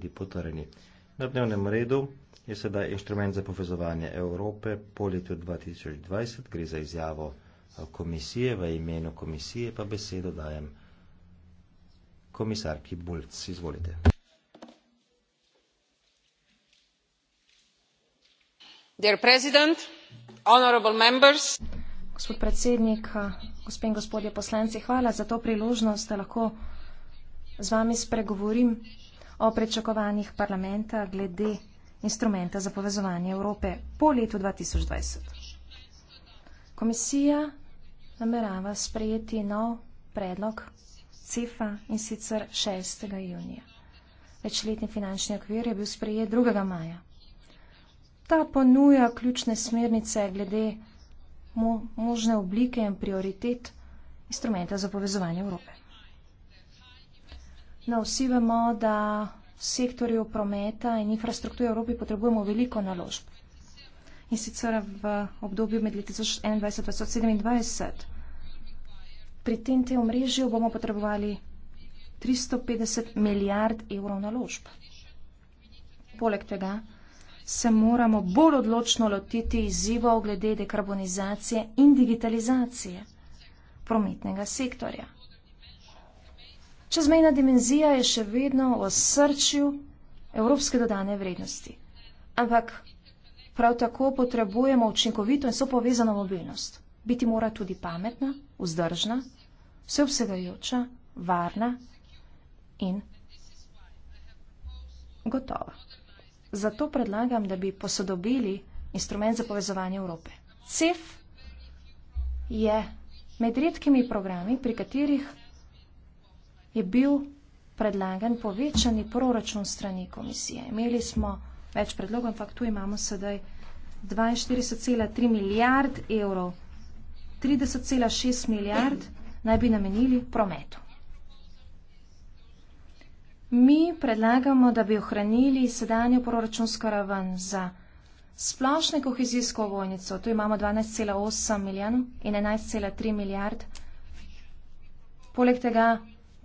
tudi potrjeni. Na dnevnem redu je sedaj inštrument za povezovanje Evrope po letu 2020, gre za izjavo eh, komisije, v imenu komisije pa besedo dajem komisarki Bulc, izvolite. Dear president, honorable members. Gospod predsednik, eh, gospe in gospodje poslanci, hvala za to priložnost, da lahko z vami spregovorim o prečakovanjih parlamenta glede instrumenta za povezovanje Evrope po letu 2020. Komisija namerava sprejeti nov predlog CEFA in sicer 6. junija. Večletni finančni okvir je bil sprejet 2. maja. Ta ponuja ključne smernice glede možne oblike in prioritet instrumenta za povezovanje Evrope. No, vsi vemo, da v sektorju prometa in infrastrukture v Evropi potrebujemo veliko naložb. In sicer v obdobju med leti 2021-2027. Pri tem te omrežju bomo potrebovali 350 milijard evrov naložb. Poleg tega se moramo bolj odločno lotiti izzivov glede dekarbonizacije in digitalizacije prometnega sektorja. Čezmejna dimenzija je še vedno v srčju evropske dodane vrednosti. Ampak prav tako potrebujemo učinkovito in sopovezano mobilnost. Biti mora tudi pametna, vzdržna, vseobsegajoča, varna in gotova. Zato predlagam, da bi posodobili instrument za povezovanje Evrope. CEF je med redkimi programi, pri katerih je bil predlagan povečani proračun strani komisije. Imeli smo več predlogov, ampak tu imamo sedaj 42,3 milijard evrov, 30,6 milijard naj bi namenili prometu. Mi predlagamo, da bi ohranili sedanjo proračunsko raven za splošne kohezijsko vojnico, tu imamo 12,8 milijonov in 11,3 milijard. Poleg tega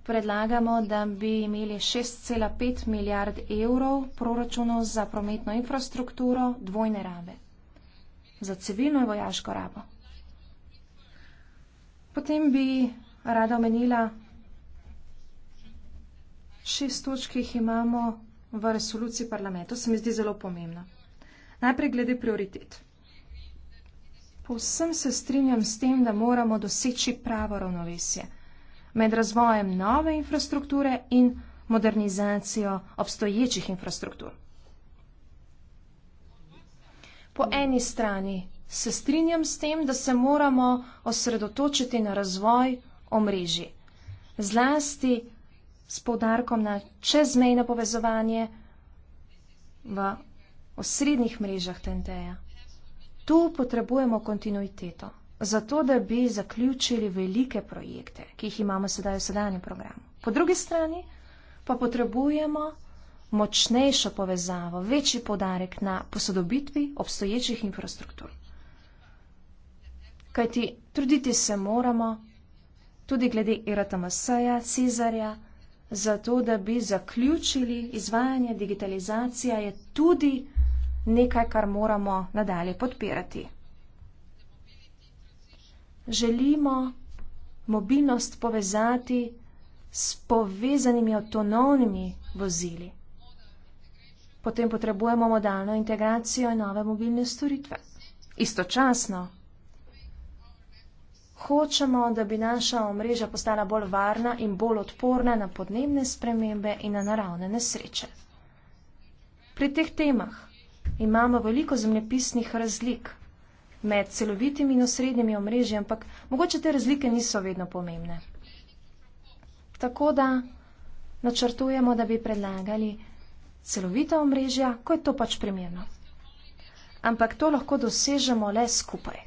predlagamo, da bi imeli 6,5 milijard evrov proračunov za prometno infrastrukturo dvojne rabe, za civilno in vojaško rabo. Potem bi rada omenila, šest točk, ki jih imamo v resoluciji parlamentu, se mi zdi zelo pomembno. Najprej glede prioritet. Povsem se strinjam s tem, da moramo doseči pravo ravnovesje med razvojem nove infrastrukture in modernizacijo obstoječih infrastruktur. Po eni strani se strinjam s tem, da se moramo osredotočiti na razvoj omrežji, zlasti s poudarkom na čezmejno povezovanje v osrednjih mrežah TNT-ja. Tu potrebujemo kontinuiteto zato da bi zaključili velike projekte, ki jih imamo sedaj v sedanjem programu. Po drugi strani pa potrebujemo močnejšo povezavo, večji podarek na posodobitvi obstoječih infrastruktur. Kajti truditi se moramo tudi glede Eratamaseja, Cizarja, zato da bi zaključili izvajanje digitalizacija je tudi nekaj, kar moramo nadalje podpirati želimo mobilnost povezati s povezanimi avtonomnimi vozili. Potem potrebujemo modalno integracijo in nove mobilne storitve. Istočasno hočemo, da bi naša omrežja postala bolj varna in bolj odporna na podnebne spremembe in na naravne nesreče. Pri teh temah imamo veliko zemljepisnih razlik, med celovitim in osrednjimi omrežji, ampak mogoče te razlike niso vedno pomembne. Tako da načrtujemo, da bi predlagali celovita omrežja, ko je to pač primerno. Ampak to lahko dosežemo le skupaj,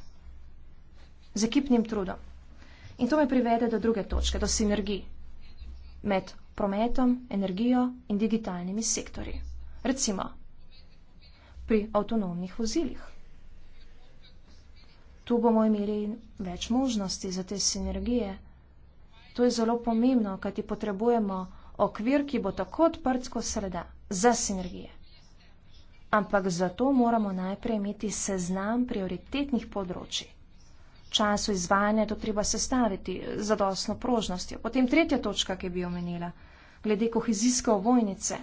z ekipnim trudom. In to me privede do druge točke, do sinergij med prometom, energijo in digitalnimi sektorji. Recimo pri avtonomnih vozilih tu bomo imeli več možnosti za te sinergije. To je zelo pomembno, kaj ti potrebujemo okvir, ki bo tako odprt kot sreda za sinergije. Ampak zato moramo najprej imeti seznam prioritetnih področji. Času izvajanja je to treba sestaviti za dosno prožnostjo. Potem tretja točka, ki bi omenila, glede kohezijske ovojnice.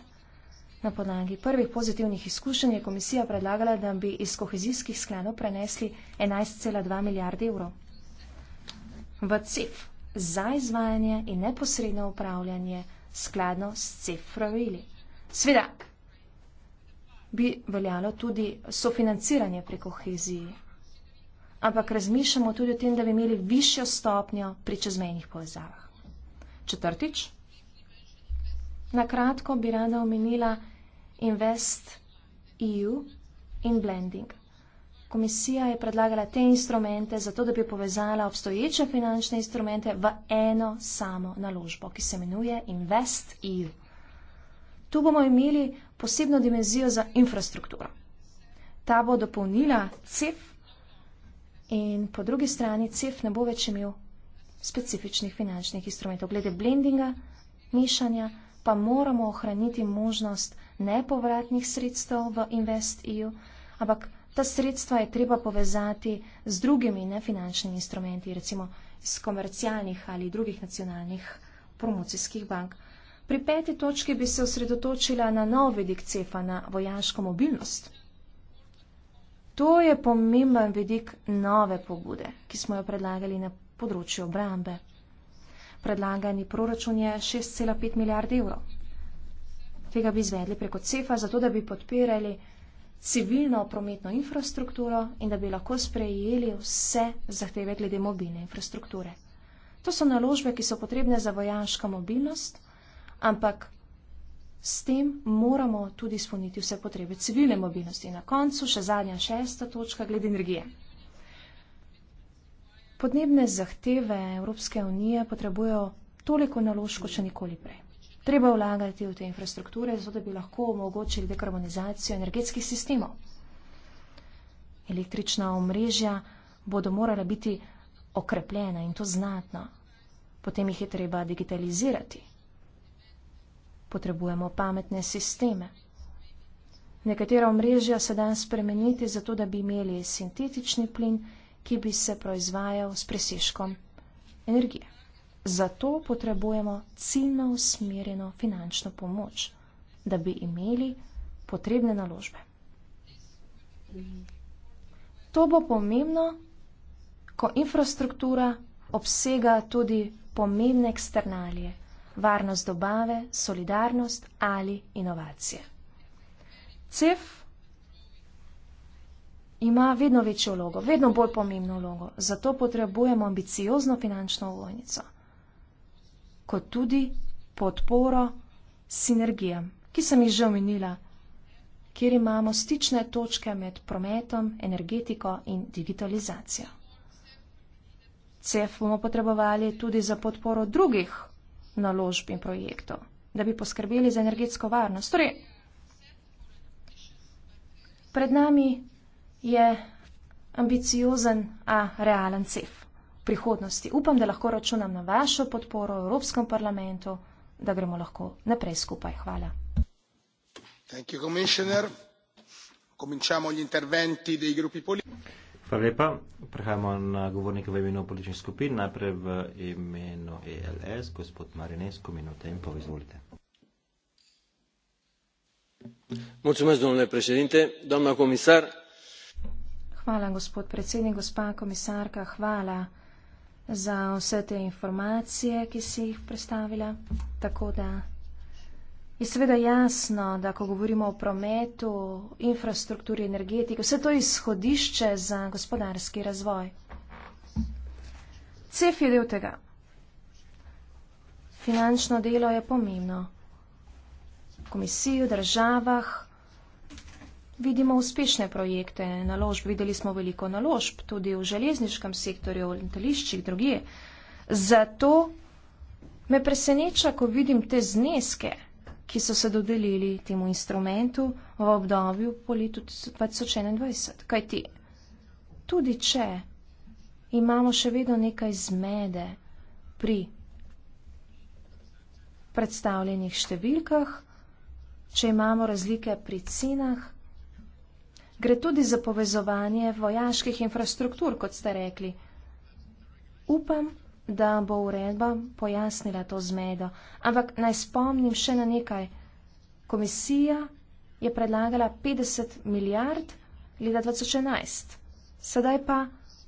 Na podlagi prvih pozitivnih izkušenj je komisija predlagala, da bi iz kohezijskih skladov prenesli 11,2 milijarde evrov. V CEF za izvajanje in neposredno upravljanje skladno s CEF pravili. Sveda bi veljalo tudi sofinanciranje pri koheziji, ampak razmišljamo tudi o tem, da bi imeli višjo stopnjo pri čezmejnih povezavah. Četrtič, na kratko bi rada omenila, Invest EU in Blending. Komisija je predlagala te instrumente zato, da bi povezala obstoječe finančne instrumente v eno samo naložbo, ki se imenuje Invest EU. Tu bomo imeli posebno dimenzijo za infrastrukturo. Ta bo dopolnila CEF in po drugi strani CEF ne bo več imel specifičnih finančnih instrumentov glede blendinga, mešanja pa moramo ohraniti možnost nepovratnih sredstev v InvestEU, ampak ta sredstva je treba povezati z drugimi nefinančnimi instrumenti, recimo s komercialnih ali drugih nacionalnih promocijskih bank. Pri peti točki bi se osredotočila na nov vidik CEFA, na vojaško mobilnost. To je pomemben vidik nove pobude, ki smo jo predlagali na področju obrambe. Predlagani proračun je 6,5 milijard evrov. Tega bi izvedli preko CEFA, zato da bi podpirali civilno prometno infrastrukturo in da bi lahko sprejeli vse zahteve glede mobilne infrastrukture. To so naložbe, ki so potrebne za vojaško mobilnost, ampak s tem moramo tudi izpolniti vse potrebe civilne mobilnosti. Na koncu še zadnja šesta točka glede energije. Podnebne zahteve Evropske unije potrebujejo toliko naložb, kot še nikoli prej. Treba vlagati v te infrastrukture, zato da bi lahko omogočili dekarbonizacijo energetskih sistemov. Električna omrežja bodo morala biti okrepljena in to znatno. Potem jih je treba digitalizirati. Potrebujemo pametne sisteme. Nekatera omrežja se dan spremeniti zato, da bi imeli sintetični plin ki bi se proizvajal s presežkom energije. Zato potrebujemo ciljno usmerjeno finančno pomoč, da bi imeli potrebne naložbe. To bo pomembno, ko infrastruktura obsega tudi pomembne eksternalije, varnost dobave, solidarnost ali inovacije. CEF ima vedno večjo vlogo, vedno bolj pomembno vlogo. Zato potrebujemo ambiciozno finančno vojnico, kot tudi podporo sinergijam, ki sem jih že omenila, kjer imamo stične točke med prometom, energetiko in digitalizacijo. CEF bomo potrebovali tudi za podporo drugih naložb in projektov, da bi poskrbeli za energetsko varnost. Torej, pred nami je ambiciozen, a realen cef v prihodnosti. Upam, da lahko računam na vašo podporo v Evropskem parlamentu, da gremo lahko naprej skupaj. Hvala. Hvala lepa. Prehajamo na govornike v imenu političnih skupin. Najprej v imenu ELS, gospod Marinesko, minuta in pol, izvolite. Mulțumesc, domnule președinte, doamnă comisar, Hvala, gospod predsednik, gospa komisarka, hvala za vse te informacije, ki si jih predstavila. Tako da je seveda jasno, da ko govorimo o prometu, infrastrukturi, energetiki, vse to je izhodišče za gospodarski razvoj. CEF je del tega. Finančno delo je pomembno. V komisiji, v državah, vidimo uspešne projekte, naložb, videli smo veliko naložb, tudi v železniškem sektorju, v letališčih, druge. Zato me preseneča, ko vidim te zneske, ki so se dodelili temu instrumentu v obdobju po letu 2021. Kaj ti? Tudi če imamo še vedno nekaj zmede pri predstavljenih številkah, če imamo razlike pri cenah, gre tudi za povezovanje vojaških infrastruktur, kot ste rekli. Upam, da bo uredba pojasnila to zmedo. Ampak naj spomnim še na nekaj. Komisija je predlagala 50 milijard leta 2011. Sedaj pa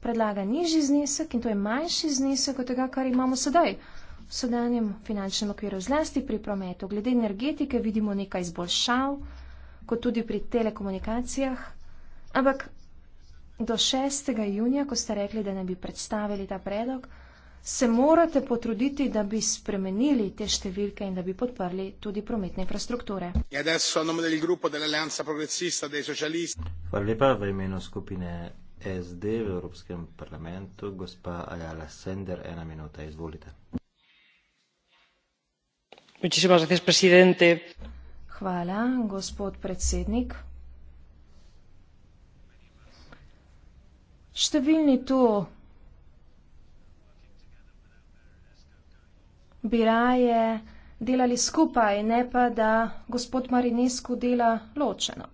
predlaga nižji znesek in to je manjši znesek od tega, kar imamo sedaj v sedanjem finančnem okviru zlasti pri prometu. Glede energetike vidimo nekaj izboljšav, kot tudi pri telekomunikacijah. Ampak do 6. junija, ko ste rekli, da ne bi predstavili ta predlog, se morate potruditi, da bi spremenili te številke in da bi podprli tudi prometne infrastrukture. E Hvala lepa v imenu skupine SD v Evropskem parlamentu. Gospa Ajala Sender, ena minuta, izvolite. Hvala, gospod predsednik. Številni tu bi raje delali skupaj, ne pa da gospod Marinescu dela ločeno.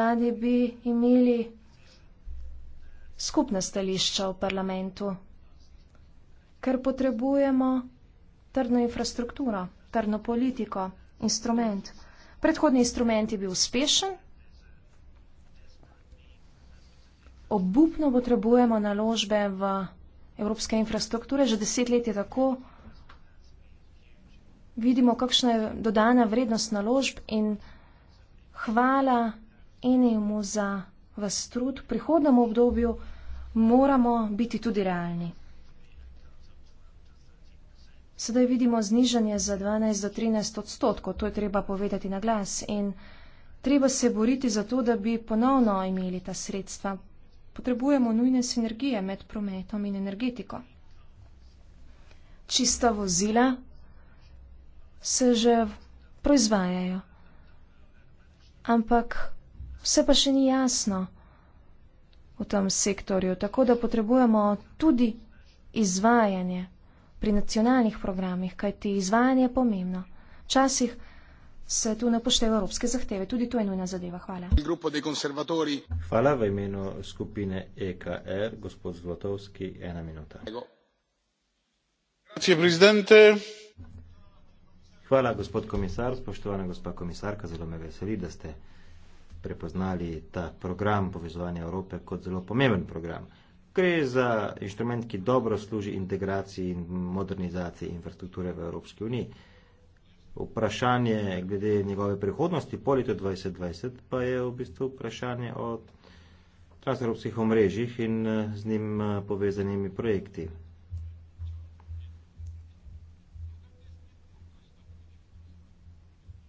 Radi bi imeli skupna stališča v parlamentu, ker potrebujemo trdno infrastrukturo, trdno politiko, instrument. Predhodni instrument je bil uspešen, obupno potrebujemo naložbe v evropske infrastrukture, že deset let je tako. Vidimo, kakšna je dodana vrednost naložb in hvala enemu za vas trud. V prihodnem obdobju moramo biti tudi realni. Sedaj vidimo znižanje za 12 do 13 odstotkov, to je treba povedati na glas. In treba se boriti za to, da bi ponovno imeli ta sredstva potrebujemo nujne sinergije med prometom in energetiko. Čista vozila se že proizvajajo, ampak vse pa še ni jasno v tem sektorju, tako da potrebujemo tudi izvajanje pri nacionalnih programih, kajti izvajanje je pomembno. Včasih se tu ne upošteva evropske zahteve. Tudi to je nujna zadeva. Hvala. Hvala v imenu skupine EKR, gospod Zlotovski, ena minuta. Hvala, gospod komisar. Spoštovana gospa komisarka, zelo me veseli, da ste prepoznali ta program povezovanja Evrope kot zelo pomemben program. Gre za inštrument, ki dobro služi integraciji in modernizaciji infrastrukture v Evropski uniji vprašanje glede njegove prihodnosti po letu 2020, pa je v bistvu vprašanje o transevropskih omrežjih in eh, z njim eh, povezanimi projekti.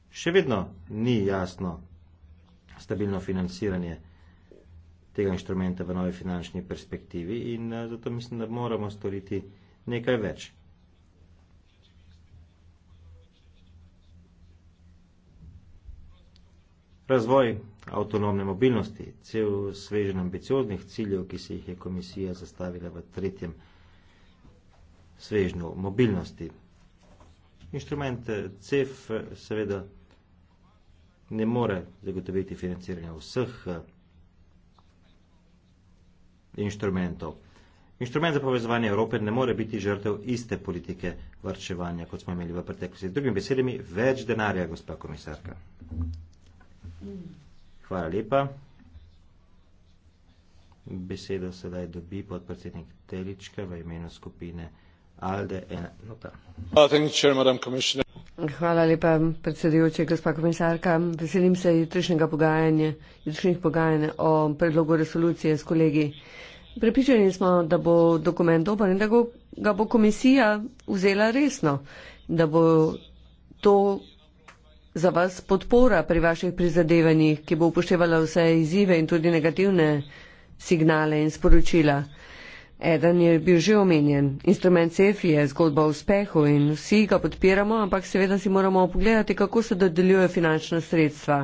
Še vedno ni jasno stabilno financiranje tega inštrumenta v novi finančni perspektivi in eh, zato mislim, da moramo storiti nekaj več. Razvoj avtonomne mobilnosti, cel svežen ambicioznih ciljev, ki se jih je komisija zastavila v tretjem svežnju mobilnosti. Inštrument eh, CEF eh, seveda ne more zagotoviti financiranja vseh eh, inštrumentov. Inštrument za povezovanje Evrope ne more biti žrtev iste politike vrčevanja, kot smo imeli v preteklosti. Z drugim besedami, več denarja, gospod komisarka. Hvala lepa. Besedo sedaj dobi podpredsednik Telička v imenu skupine ALDE. Hvala lepa, predsedujoči, gospa komisarka. Veselim se jutrišnjega pogajanja, jutrišnjih pogajanj o predlogu resolucije s kolegi. Pripričani smo, da bo dokument dober in da ga bo komisija vzela resno, da bo to za vas podpora pri vaših prizadevanjih, ki bo upoštevala vse izzive in tudi negativne signale in sporočila. Eden je bil že omenjen. Instrument CEF je zgodba o uspehu in vsi ga podpiramo, ampak seveda si moramo pogledati, kako se dodeljuje finančna sredstva.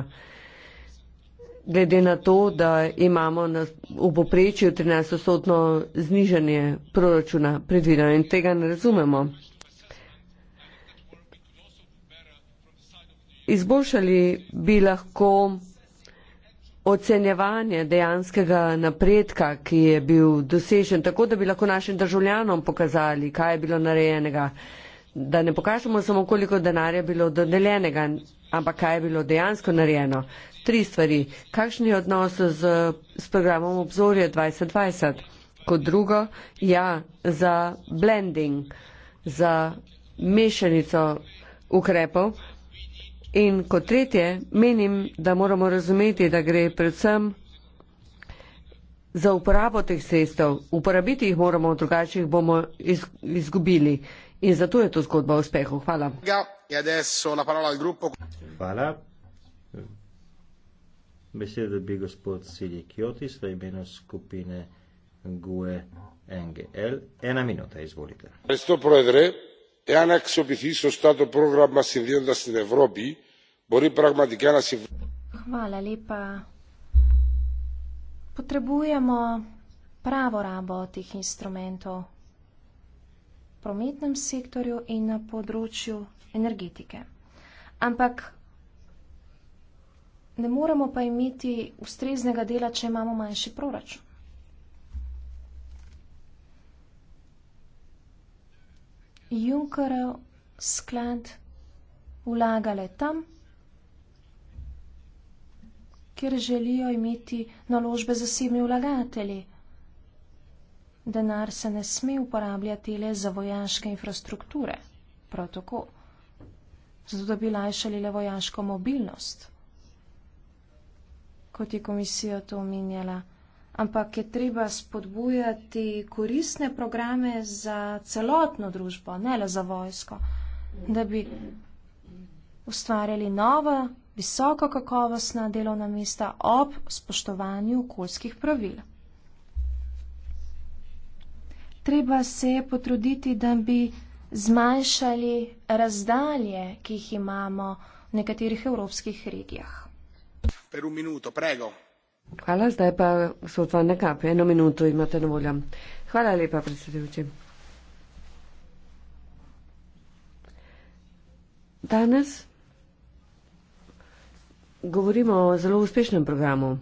Glede na to, da imamo na, v poprečju 13-stotno znižanje proračuna predvideno in tega ne razumemo. izboljšali bi lahko ocenjevanje dejanskega napredka, ki je bil dosežen, tako da bi lahko našim državljanom pokazali, kaj je bilo narejenega. Da ne pokažemo samo, koliko denarja je bilo dodeljenega, ampak kaj je bilo dejansko narejeno. Tri stvari. Kakšen je odnos z, s programom obzorje 2020? Kot drugo, ja, za blending, za mešanico ukrepov. In kot tretje, menim, da moramo razumeti, da gre predvsem za uporabo teh sredstev. Uporabiti jih moramo, drugače jih bomo izgubili. In zato je to zgodba o uspehu. Hvala. Ja, ja, Hvala. Besedo bi gospod Sidi Kjotis v imenu skupine GUE NGL. Ena minuta, izvolite εάν αξιοποιηθεί σωστά το πρόγραμμα Συνδέοντα την Ευρώπη, μπορεί πραγματικά να συμβάλλει. Potrebujemo pravo rabo teh instrumentov, v prometnem sektorju in na področju energetike. Ampak ne moremo pa imeti ustreznega dela, če imamo manjši proračun. Junckerjev sklad vlagale tam, kjer želijo imeti naložbe zasebni vlagatelji. Denar se ne sme uporabljati le za vojaške infrastrukture, prav tako, zato da bi lajšali le vojaško mobilnost, kot je komisija to omenjala ampak je treba spodbujati koristne programe za celotno družbo, ne le za vojsko, da bi ustvarjali nova, visoko kakovostna delovna mesta ob spoštovanju okoljskih pravil. Treba se je potruditi, da bi zmanjšali razdalje, ki jih imamo v nekaterih evropskih regijah. Per un minuto, prego. Hvala, zdaj pa so tva nekap, eno minuto imate na voljo. Hvala lepa, predsedujoči. Danes govorimo o zelo uspešnem programu.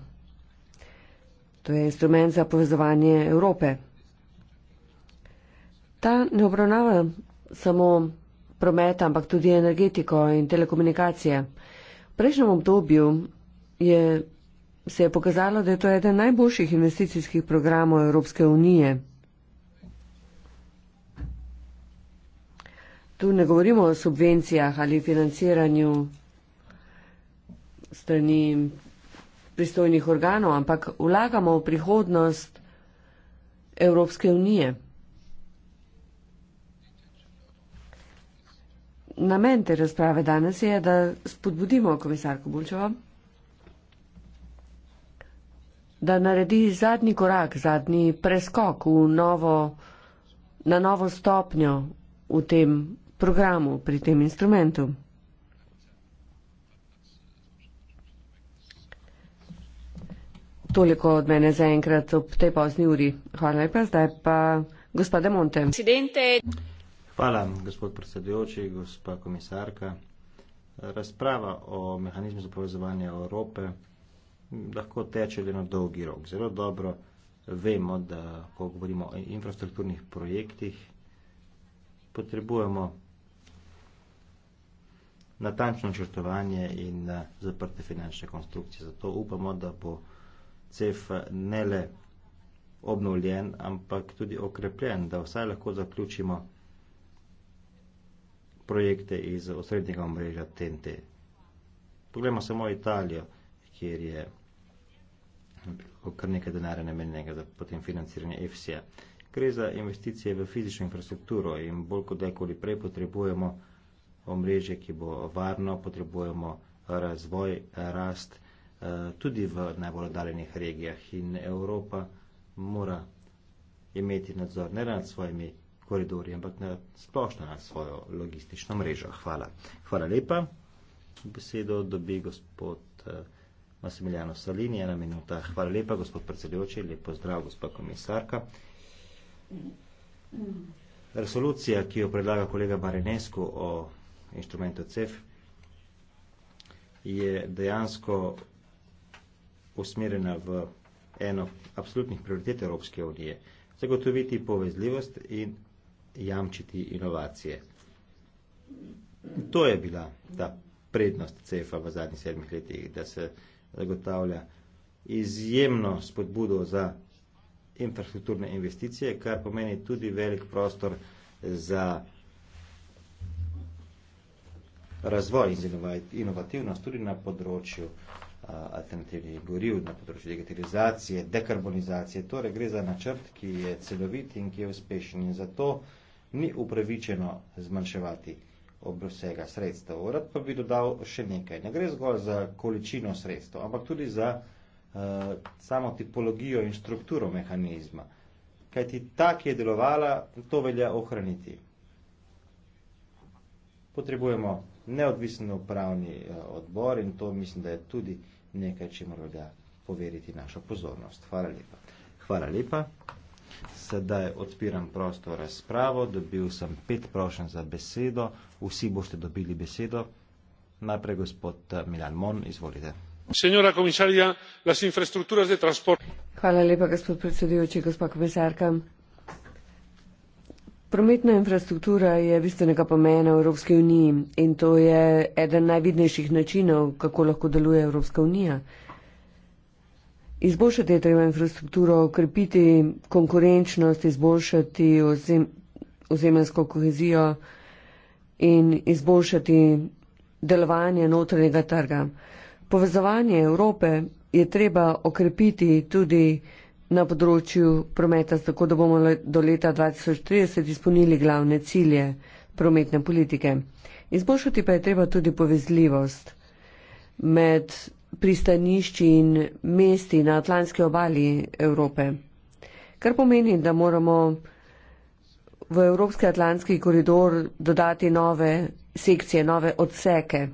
To je instrument za povezovanje Evrope. Ta ne obravnava samo prometa, ampak tudi energetiko in telekomunikacije. V prejšnjem obdobju je se je pokazalo, da je to eden najboljših investicijskih programov Evropske unije. Tu ne govorimo o subvencijah ali financiranju strani pristojnih organov, ampak vlagamo v prihodnost Evropske unije. Namen te razprave danes je, da spodbudimo komisarko Bulčevo da naredi zadnji korak, zadnji preskok v novo, na novo stopnjo v tem programu, pri tem instrumentu. Toliko od mene zaenkrat ob tej pozni uri. Hvala lepa, zdaj pa gospode Monte. Presidente. Hvala, gospod predsedujoči, gospa komisarka. Razprava o mehanizmu za povezovanje Evrope lahko teče le na dolgi rok. Zelo dobro vemo, da ko govorimo o infrastrukturnih projektih, potrebujemo natančno načrtovanje in eh, zaprte finančne konstrukcije. Zato upamo, da bo CEF eh, ne le obnovljen, ampak tudi okrepljen, da vsaj lahko zaključimo projekte iz osrednjega omrežja TNT. Poglejmo samo Italijo, kjer je kar nekaj denarja namenjenega za potem financiranje EFSI-ja. Gre za investicije v fizično infrastrukturo in bolj kot dekoli prej potrebujemo omrežje, ki bo varno, potrebujemo razvoj, rast eh, tudi v najbolj oddaljenih regijah in Evropa mora imeti nadzor ne nad svojimi koridori, ampak na splošno nad svojo logistično mrežo. Hvala. Hvala lepa. Besedo dobi gospod. Eh, Masimiliano Salini, ena minuta. Hvala lepa, gospod predsedujoči, lep pozdrav, gospa komisarka. Resolucija, ki jo predlaga kolega Barenesku o inštrumentu CEF, je dejansko usmerjena v eno apsolutnih prioritet Evropske unije. Zagotoviti povezljivost in jamčiti inovacije. To je bila ta prednost CEF-a v zadnjih sedmih letih, da se zagotavlja izjemno spodbudo za infrastrukturne investicije, kar pomeni tudi velik prostor za razvoj in inovativnost tudi na področju alternativnih goriv, na področju digitalizacije, dekarbonizacije. Torej gre za načrt, ki je celovit in ki je uspešen in zato ni upravičeno zmanjševati ob vsega sredstev. Rad pa bi dodal še nekaj. Ne gre zgolj za količino sredstev, ampak tudi za uh, samo tipologijo in strukturo mehanizma. Kaj ti ta, ki je delovala, to velja ohraniti. Potrebujemo neodvisen upravni uh, odbor in to mislim, da je tudi nekaj, če mora poveriti našo pozornost. Hvala lepa. Hvala lepa. Sedaj odpiram prosto razpravo, dobil sem pet prošen za besedo, vsi boste dobili besedo. Najprej gospod eh, Milan Mon, izvolite. Senjora komisarja, las infrastruktura za transport. Hvala lepa, gospod predsedujoči, gospod komisarka. Prometna infrastruktura je bistvenega pomena v Evropski uniji in to je eden najvidnejših načinov, kako lahko deluje Evropska unija. Izboljšati je treba infrastrukturo, okrepiti konkurenčnost, izboljšati ozem, ozemensko kohezijo in izboljšati delovanje notranjega trga. Povezovanje Evrope je treba okrepiti tudi na področju prometa, tako da bomo do leta 2030 izpolnili glavne cilje prometne politike. Izboljšati pa je treba tudi povezljivost med pristanišči in mesti na Atlantski obali Evrope. Kar pomeni, da moramo v Evropski Atlantski koridor dodati nove sekcije, nove odseke.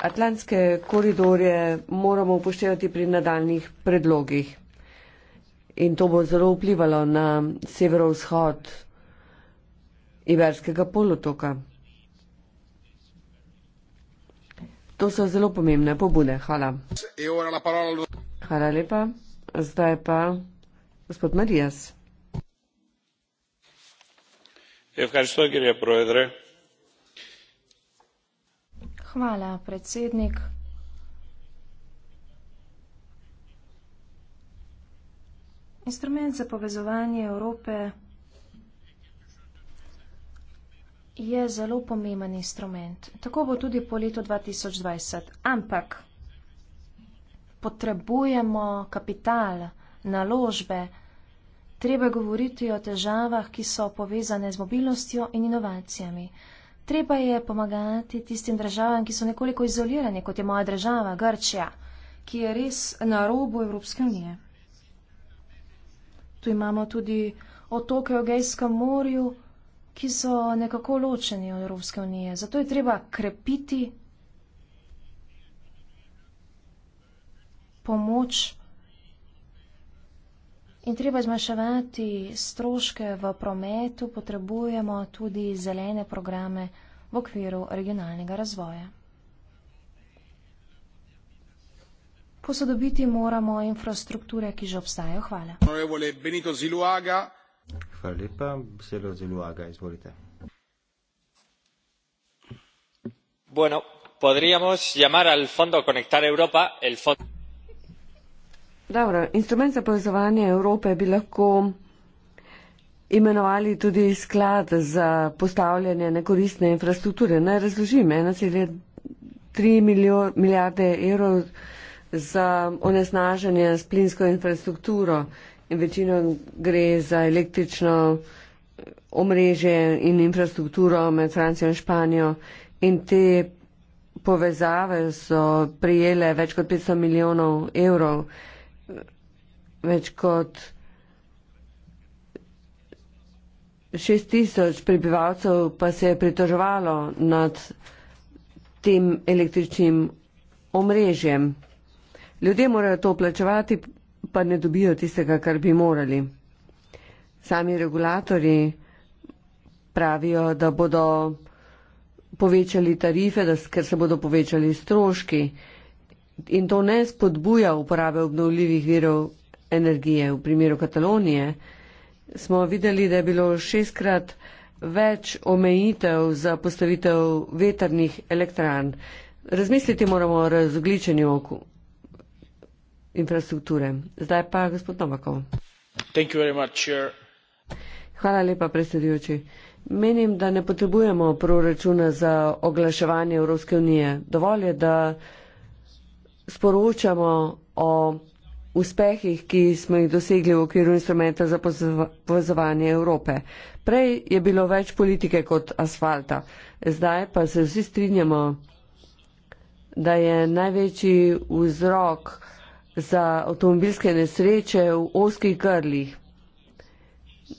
Atlantske koridorje moramo upoštevati pri nadaljnih predlogih. In to bo zelo vplivalo na severovzhod Iberskega polotoka. To so zelo pomembne pobude. Hvala. E Hvala lepa. Zdaj pa gospod Marijas. Hvala, predsednik. Instrument za povezovanje Evrope je zelo pomemben instrument. Tako bo tudi po letu 2020. Ampak potrebujemo kapital, naložbe, treba govoriti o težavah, ki so povezane z mobilnostjo in inovacijami. Treba je pomagati tistim državam, ki so nekoliko izolirane, kot je moja država, Grčija, ki je res na robu Evropske unije. Tu imamo tudi otoke v Gejskem morju ki so nekako ločeni od Evropske unije. Zato je treba krepiti pomoč in treba zmanjševati stroške v prometu, potrebujemo tudi zelene programe v okviru regionalnega razvoja. Posodobiti moramo infrastrukture, ki že obstajajo. Hvala. Hvala lepa. Besedo za Luaga, izvolite. Bueno, podríamos llamar al fondo Conectar Europa el fondo. Dobro, instrument za povezovanje Evrope bi lahko imenovali tudi sklad za postavljanje nekoristne infrastrukture. Naj razložim, 1,3 milijarde evrov za onesnaženje s plinsko infrastrukturo Večino gre za električno omrežje in infrastrukturo med Francijo in Španijo in te povezave so prijele več kot 500 milijonov evrov, več kot 6 tisoč prebivalcev pa se je pritoževalo nad tem električnim omrežjem. Ljudje morajo to plačevati pa ne dobijo tistega, kar bi morali. Sami regulatori pravijo, da bodo povečali tarife, da, ker se bodo povečali stroški in to ne spodbuja uporabe obnovljivih virov energije. V primeru Katalonije smo videli, da je bilo šestkrat več omejitev za postavitev veternih elektran. Razmisliti moramo o razogličenju infrastrukture. Zdaj pa gospod Novakov. Hvala lepa, predsedujoči. Menim, da ne potrebujemo proračuna za oglaševanje Evropske unije. Dovolj je, da sporočamo o uspehih, ki smo jih dosegli v okviru instrumenta za povezovanje Evrope. Prej je bilo več politike kot asfalta, zdaj pa se vsi strinjamo, da je največji vzrok, za avtomobilske nesreče v oskih grlih.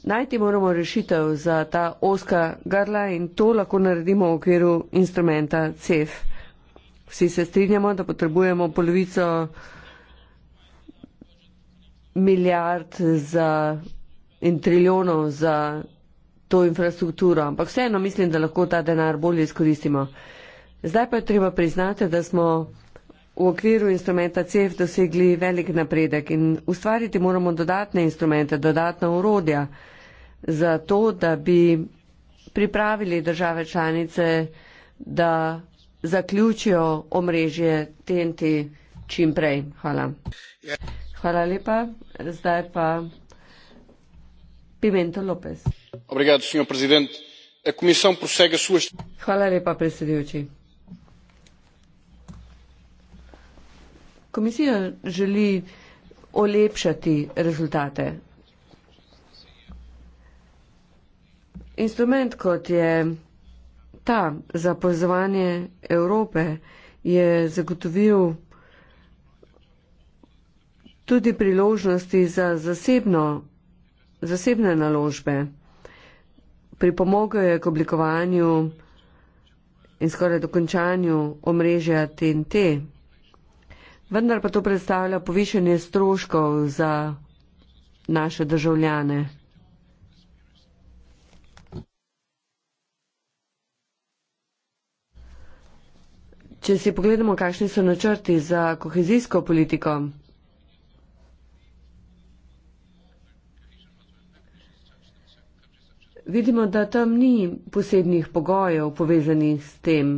Najti moramo rešitev za ta oska grla in to lahko naredimo v okviru instrumenta CEF. Vsi se strinjamo, da potrebujemo polovico milijard za, in trilijonov za to infrastrukturo, ampak vseeno mislim, da lahko ta denar bolje izkoristimo. Zdaj pa je treba priznati, da smo v okviru instrumenta CEF dosegli velik napredek in ustvariti moramo dodatne instrumente, dodatna urodja za to, da bi pripravili države članice, da zaključijo omrežje TNT čim prej. Hvala. Hvala lepa. Zdaj pa Pimento López. Hvala lepa, predsedujoči. komisija želi olepšati rezultate. Instrument, kot je ta za pozvanje Evrope, je zagotovil tudi priložnosti za zasebno, zasebne naložbe. Pripomogel je k oblikovanju in skoraj dokončanju omrežja TNT. Vendar pa to predstavlja povišenje stroškov za naše državljane. Če si pogledamo, kakšni so načrti za kohezijsko politiko, vidimo, da tam ni posebnih pogojev povezanih s tem.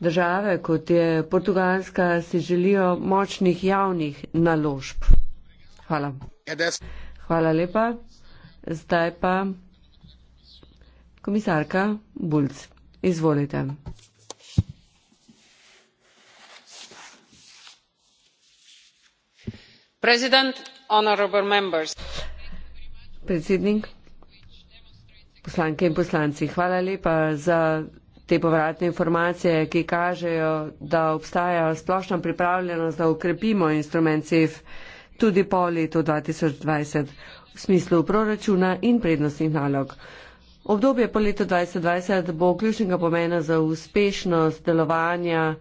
Države, kot je Portugalska, si želijo močnih javnih naložb. Hvala. Hvala lepa. Zdaj pa komisarka Bulc. Izvolite. Predsednik, poslanke in poslanci, hvala lepa za te povratne informacije, ki kažejo, da obstaja splošna pripravljenost, da ukrepimo instrument CEF tudi po letu 2020 v smislu proračuna in prednostnih nalog. Obdobje po letu 2020 bo ključnega pomena za uspešnost delovanja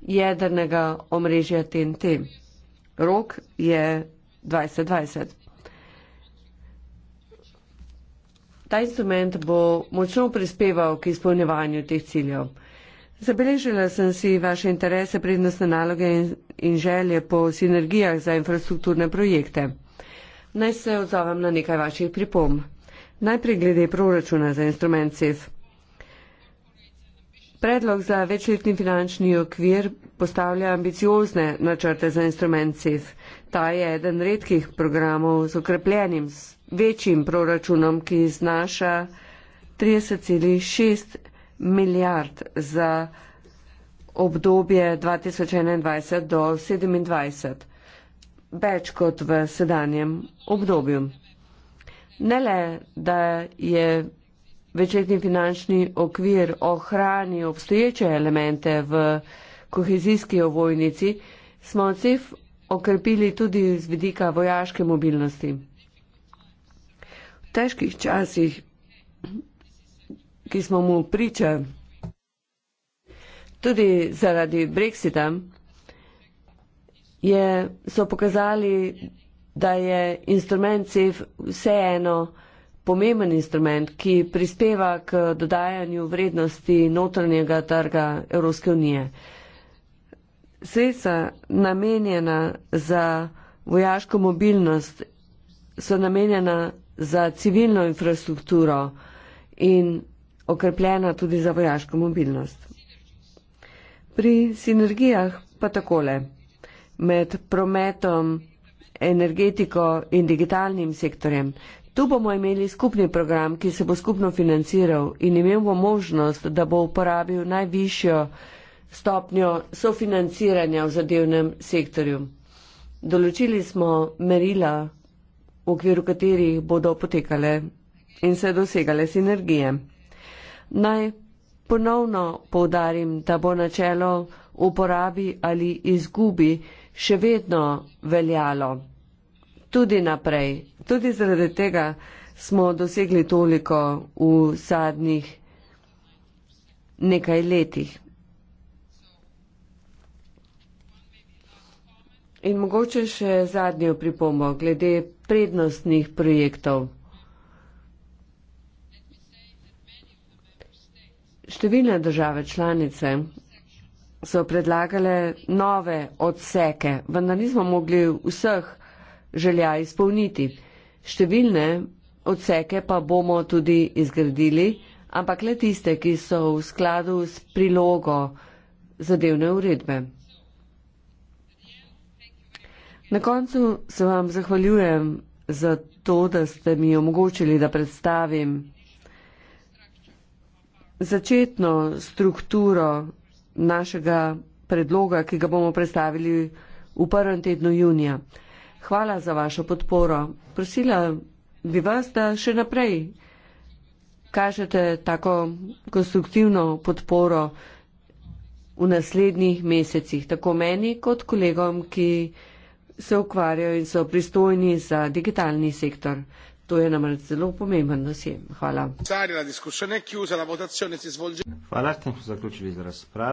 jedrnega omrežja TNT. Rok je 2020. Ta instrument bo močno prispeval k izpolnjevanju teh ciljev. Zabeležila sem si vaše interese, prednostne naloge in, in želje po sinergijah za infrastrukturne projekte. Naj se odzovem na nekaj vaših pripom. Najprej glede proračuna za instrument CEF. Predlog za večletni finančni okvir postavlja ambiciozne načrte za instrument CEF. Ta je eden redkih programov z okrepljenim večjim proračunom, ki znaša 30,6 milijard za obdobje 2021 do 2027, več kot v sedanjem obdobju. Ne le, da je večletni finančni okvir ohrani obstoječe elemente v kohezijski ovojnici, smo CIF okrepili tudi z vidika vojaške mobilnosti težkih časih, ki smo mu priča, tudi zaradi Brexita, je, so pokazali, da je instrument CEF vseeno pomemben instrument, ki prispeva k dodajanju vrednosti notranjega trga Evropske unije. Sredstva namenjena za vojaško mobilnost so namenjena za civilno infrastrukturo in okrepljena tudi za vojaško mobilnost. Pri sinergijah pa takole. Med prometom, energetiko in digitalnim sektorjem. Tu bomo imeli skupni program, ki se bo skupno financiral in imel bo možnost, da bo uporabil najvišjo stopnjo sofinanciranja v zadevnem sektorju. Določili smo merila v okviru katerih bodo potekale in se dosegale sinergije. Naj ponovno povdarim, da bo načelo uporabi ali izgubi še vedno veljalo. Tudi naprej, tudi zaradi tega smo dosegli toliko v zadnjih nekaj letih. In mogoče še zadnjo pripombo glede prednostnih projektov. Številne države članice so predlagale nove odseke, vendar nismo mogli vseh želja izpolniti. Številne odseke pa bomo tudi izgradili, ampak le tiste, ki so v skladu s prilogo zadevne uredbe. Na koncu se vam zahvaljujem za to, da ste mi omogočili, da predstavim začetno strukturo našega predloga, ki ga bomo predstavili v prvem tednu junija. Hvala za vašo podporo. Prosila bi vas, da še naprej kažete tako konstruktivno podporo v naslednjih mesecih, tako meni kot kolegom, ki se ukvarjajo in so pristojni za digitalni sektor. To je namreč zelo pomemben dosje. Hvala. Hvala, ste zaključili z razpravo.